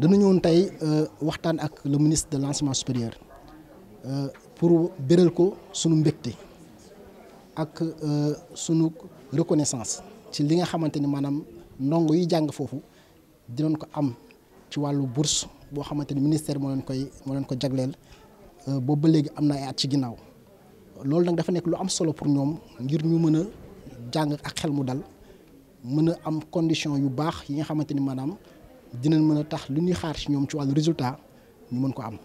on ñëwoon tey euh, waxtaan ak le ministre de l'enseignement supérieur euh, pour béral ko sunu mbégte ak euh, reconnaissance ci li nga xamante ni maanaam jang fofu, jàng foofu dinañ ko am ci wàllu bourse bo xamanteni ministère mo leen koy mo leen ko jagleel bo ba légui am ay at ci ginnaw loolu nak dafa nek lu am solo pour ñom ngir ñu mëna jang ak xel mu dal mëna am condition yu bax yi nga xamanteni manam dinañ mën a tax lu ñuy xaar ci ñoom ci wàllu résultat ñu mën ko am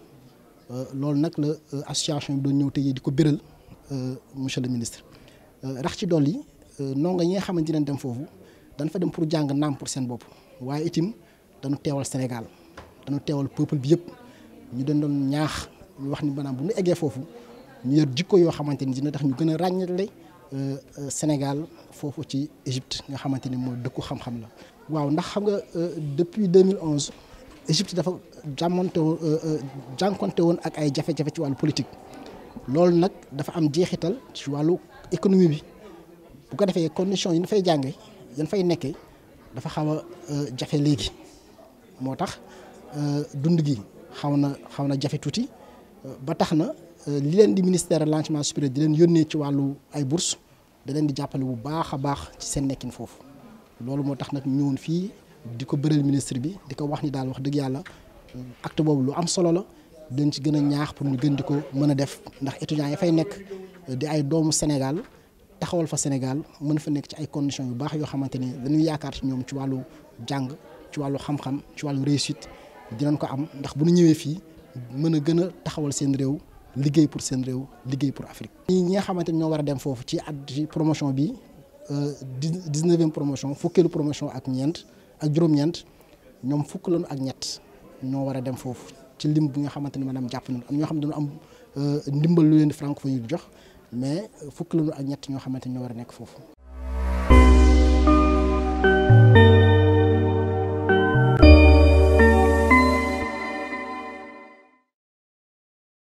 euh, loolu nag la euh, association bi doon ñëw tey di ko béral euh, monsieur le ministre rax ci dolli ndongo yi nga xamante ne dem foofu dañ fa dem pour jàng naam pour seen bopp waaye itim danu teewal Sénégal dañu teewal peuple bi yëpp ñu doon doon ñaax ñu wax ni maanaam bu ñu eggee foofu ñu yor jikko yoo xamante ni dina tax ñu gën a ràññale Euh, euh, Sénégal fofu ci Égypte nga xamanteni ni mooy xam-xam la. waaw ndax xam nga euh, depuis 2011 Égypte dafa jàmmonte woon jànkonte woon ak ay jafé jafé ci walu politique loolu nak dafa am jeexital ci walu économie bi bu ko défé conditions yi ñu fay jàngee yan fay nekkee dafa xaw jafé légui motax euh dund gi xaw na jafé na ba taxna na li leen di ministère de l'enseignement supérieur di leen yónnee ci walu ay bourse da di jàppale bu baax a baax ci seen nekkin foofu loolu moo tax nag ñëwoon fii di ko bëral ministre bi di ko wax ni daal wax dëgg yàlla acte boobu lu am solo la dañ ci gën a ñaax pour ñu gën di ko mën a def ndax étudiants yi fay nekk di ay doomu Sénégal taxawal fa Sénégal mën fa nekk ci ay conditions yu baax yoo xamante ni dañuy yaakaar ci ñoom ci wàllu jàng ci wàllu xam-xam ci wàllu réussite dinañ ko am ndax bu nu ñëwee fii mën a gën a taxawal seen réew. liggéey pour sen réew pour Afrique. ñi nga xamanteni ñoo dem fofu ci promotion bi 19e euh, promotion fukkeelu promotion ak ñent ak juroom une ñom fuk lañu ak ñett ñoo wara dem une ci lim nga euh, mais lañu ak ñoo